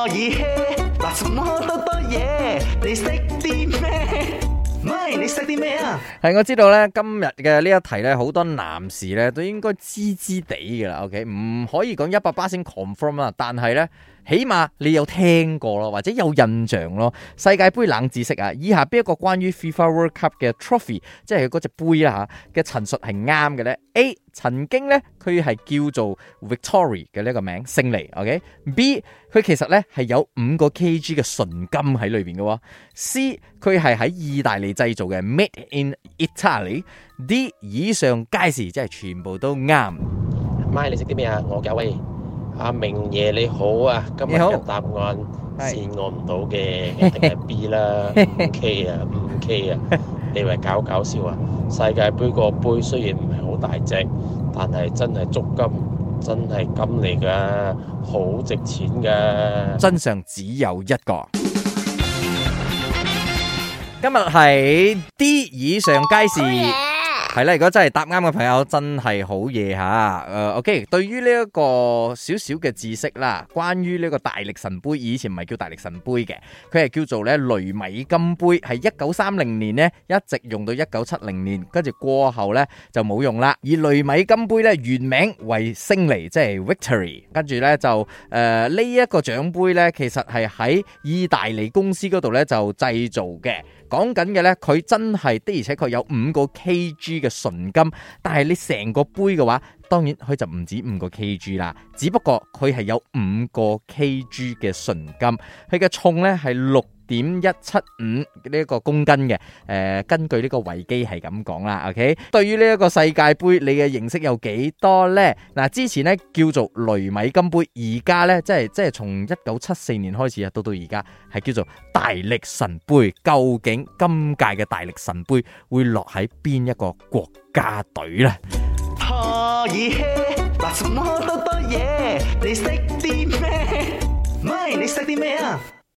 嗱、嗯， 什麼都多多嘢？你識啲咩？唔係你識啲咩啊？係我知道咧，今日嘅呢一題咧，好多男士咧都應該知知地噶啦。O K，唔可以講一百巴仙 confirm 啦，但係咧，起碼你有聽過咯，或者有印象咯。世界盃冷知識啊，以下邊一個關於 FIFA World Cup 嘅 trophy，即係嗰隻杯啦吓嘅陳述係啱嘅咧。A 曾經咧，佢係叫做 Victory 嘅呢一個名，勝利。OK，B。佢其實咧係有五個 KG 嘅純金喺裏邊嘅喎。C 佢係喺意大利製造嘅，Made in Italy。D 以上皆是，即係全部都啱。媽，你識啲咩啊？我教喂，阿明爺你好啊，今日好答案是按唔到嘅定係 B 啦，K 啊，五 K,、啊、K 啊，你以為搞搞笑啊？世界杯個杯雖然唔係好大隻，但係真係足金。真係金嚟嘅，好值錢嘅。真相只有一個。 今日係啲以上街市。 係啦，如果真係答啱嘅朋友，真係好嘢吓。誒、uh，OK，對於呢一個少少嘅知識啦，關於呢個大力神杯，以前唔係叫大力神杯嘅，佢係叫做咧雷米金杯，係一九三零年呢，一直用到一九七零年，跟住過後咧就冇用啦。而雷米金杯咧原名為勝利，即係 Victory，跟住咧就誒、呃這個、呢一個獎杯咧，其實係喺意大利公司嗰度咧就製造嘅。講緊嘅呢，佢真係的，的而且確有五個 K G 嘅純金，但係你成個杯嘅話，當然佢就唔止五個 K G 啦。只不過佢係有五個 K G 嘅純金，佢嘅重呢係六點一七五呢一個公斤嘅，誒，根據呢個維基係咁講啦，OK。對於呢一個世界杯，你嘅認識有幾多呢？嗱，之前呢叫做雷米金杯，而家呢即係即係從一九七四年開始啊，到到而家係叫做大力神杯。究竟今屆嘅大力神杯會落喺邊一個國家隊呢？哈耶！嗱，咁多多嘢，你識啲咩？咪，你識啲咩啊？